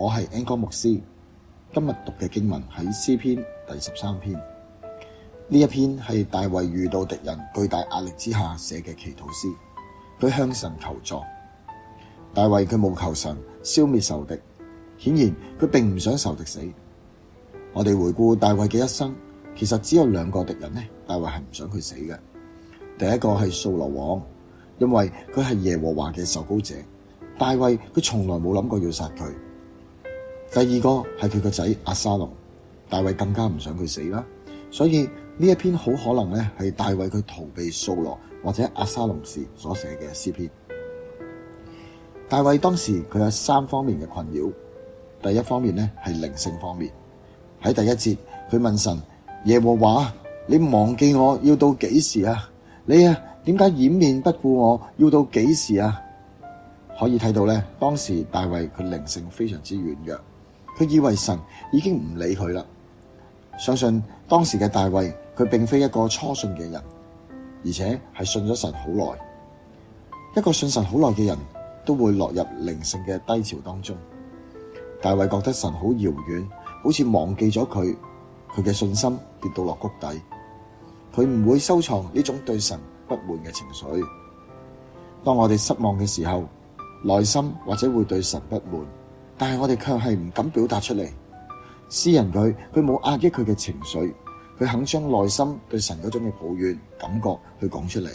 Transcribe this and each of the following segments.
我係濠光牧師，今日讀嘅經文喺詩篇第十三篇。呢一篇係大衛遇到敵人巨大壓力之下寫嘅祈禱詩，佢向神求助。大衛佢冇求神消滅仇敵，顯然佢並唔想仇敵死。我哋回顧大衛嘅一生，其實只有兩個敵人呢，大衛係唔想佢死嘅。第一個係掃羅王，因為佢係耶和華嘅受膏者，大衛佢從來冇諗過要殺佢。第二個係佢個仔阿沙龍，大衛更加唔想佢死啦，所以呢一篇好可能咧係大衛佢逃避掃羅，或者阿沙龍時所寫嘅詩篇。大衛當時佢有三方面嘅困擾，第一方面咧係靈性方面。喺第一節佢問神耶和華，你忘記我要到幾時啊？你啊，點解掩面不顧我要到幾時啊？可以睇到咧，當時大衛佢靈性非常之軟弱。佢以為神已經唔理佢啦。相信當時嘅大衛，佢並非一個初信嘅人，而且係信咗神好耐。一個信神好耐嘅人都會落入靈性嘅低潮當中。大衛覺得神好遙遠，好似忘記咗佢，佢嘅信心跌到落谷底。佢唔會收藏呢種對神不滿嘅情緒。當我哋失望嘅時候，內心或者會對神不滿。但係我哋卻係唔敢表達出嚟。詩人佢佢冇壓抑佢嘅情緒，佢肯將內心對神嗰種嘅抱怨感覺去講出嚟，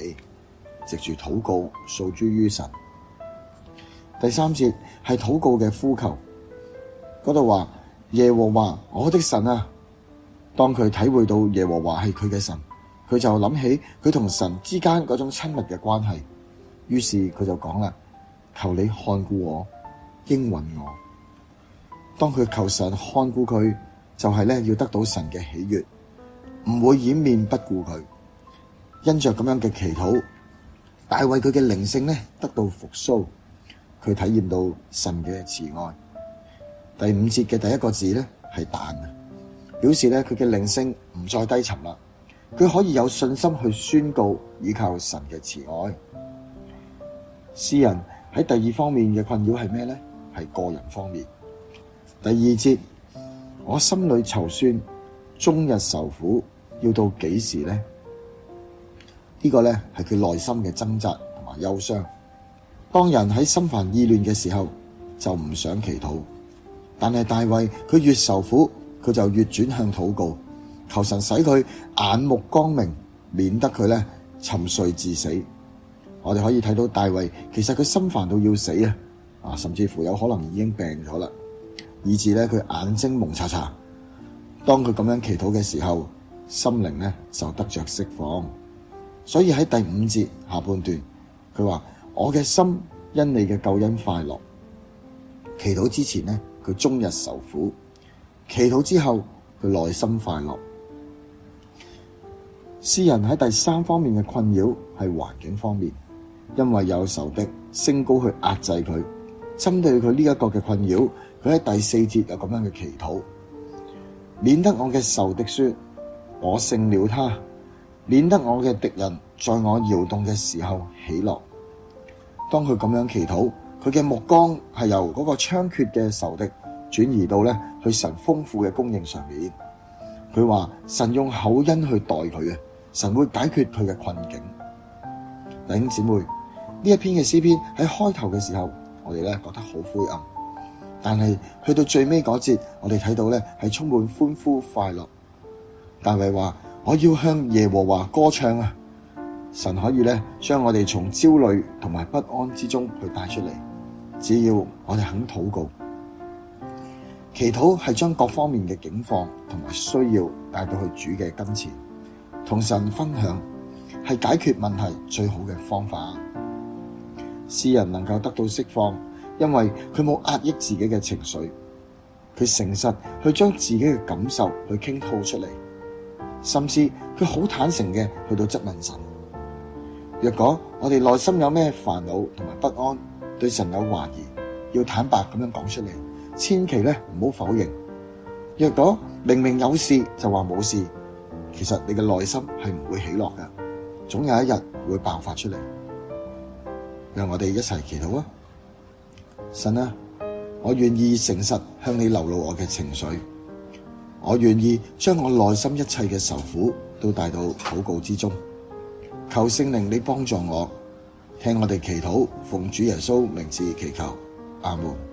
藉住禱告訴諸於神。第三節係禱告嘅呼求，嗰度話耶和華我的神啊，當佢體會到耶和華係佢嘅神，佢就諗起佢同神之間嗰種親密嘅關係，於是佢就講啦：求你看顧我，應允我。當佢求神看顧佢，就係咧要得到神嘅喜悅，唔會掩面不顧佢。因着咁樣嘅祈禱，大衛佢嘅靈性咧得到復甦，佢體驗到神嘅慈愛。第五節嘅第一個字咧係但，表示咧佢嘅靈性唔再低沉啦，佢可以有信心去宣告倚靠神嘅慈愛。詩人喺第二方面嘅困擾係咩咧？係個人方面。第二節，我心裏籌算，終日受苦，要到幾時呢？呢個呢係佢內心嘅掙扎同埋憂傷。當人喺心煩意亂嘅時候，就唔想祈禱。但係大衛，佢越受苦，佢就越轉向禱告，求神使佢眼目光明，免得佢呢沉睡至死。我哋可以睇到大衛，其實佢心煩到要死啊！啊，甚至乎有可能已經病咗啦。以至咧佢眼睛蒙查查，當佢咁樣祈禱嘅時候，心靈咧就得着釋放。所以喺第五節下半段，佢話我嘅心因你嘅救恩快樂。祈禱之前咧，佢終日受苦；祈禱之後，佢內心快樂。詩人喺第三方面嘅困擾係環境方面，因為有仇敵升高去壓制佢。針對佢呢一個嘅困擾，佢喺第四節有咁樣嘅祈禱，免得我嘅仇敵說，我勝了他；免得我嘅敵人在我搖動嘅時候起落。當佢咁樣祈禱，佢嘅目光係由嗰個猖獗嘅仇敵轉移到咧去神豐富嘅供應上面。佢話神用口音去待佢，神會解決佢嘅困境。弟兄姊妹，呢一篇嘅詩篇喺開頭嘅時候。我哋咧覺得好灰暗，但係去到最尾嗰節，我哋睇到咧係充滿歡呼快樂。大衛話我要向耶和華歌唱啊！神可以咧將我哋從焦慮同埋不安之中去帶出嚟，只要我哋肯禱告。祈禱係將各方面嘅境況同埋需要帶到去主嘅跟前，同神分享係解決問題最好嘅方法。詩人能夠得到釋放，因為佢冇壓抑自己嘅情緒，佢誠實去將自己嘅感受去傾吐出嚟，甚至佢好坦誠嘅去到質問神。若果我哋內心有咩煩惱同埋不安，對神有懷疑，要坦白咁樣講出嚟，千祈咧唔好否認。若果明明有事，就話冇事，其實你嘅內心係唔會起落嘅，總有一日會爆發出嚟。讓我哋一齊祈禱啊！神啊，我願意誠實向你流露我嘅情緒，我願意將我內心一切嘅愁苦都帶到禱告之中。求聖靈你幫助我，聽我哋祈禱，奉主耶穌名字祈求，阿門。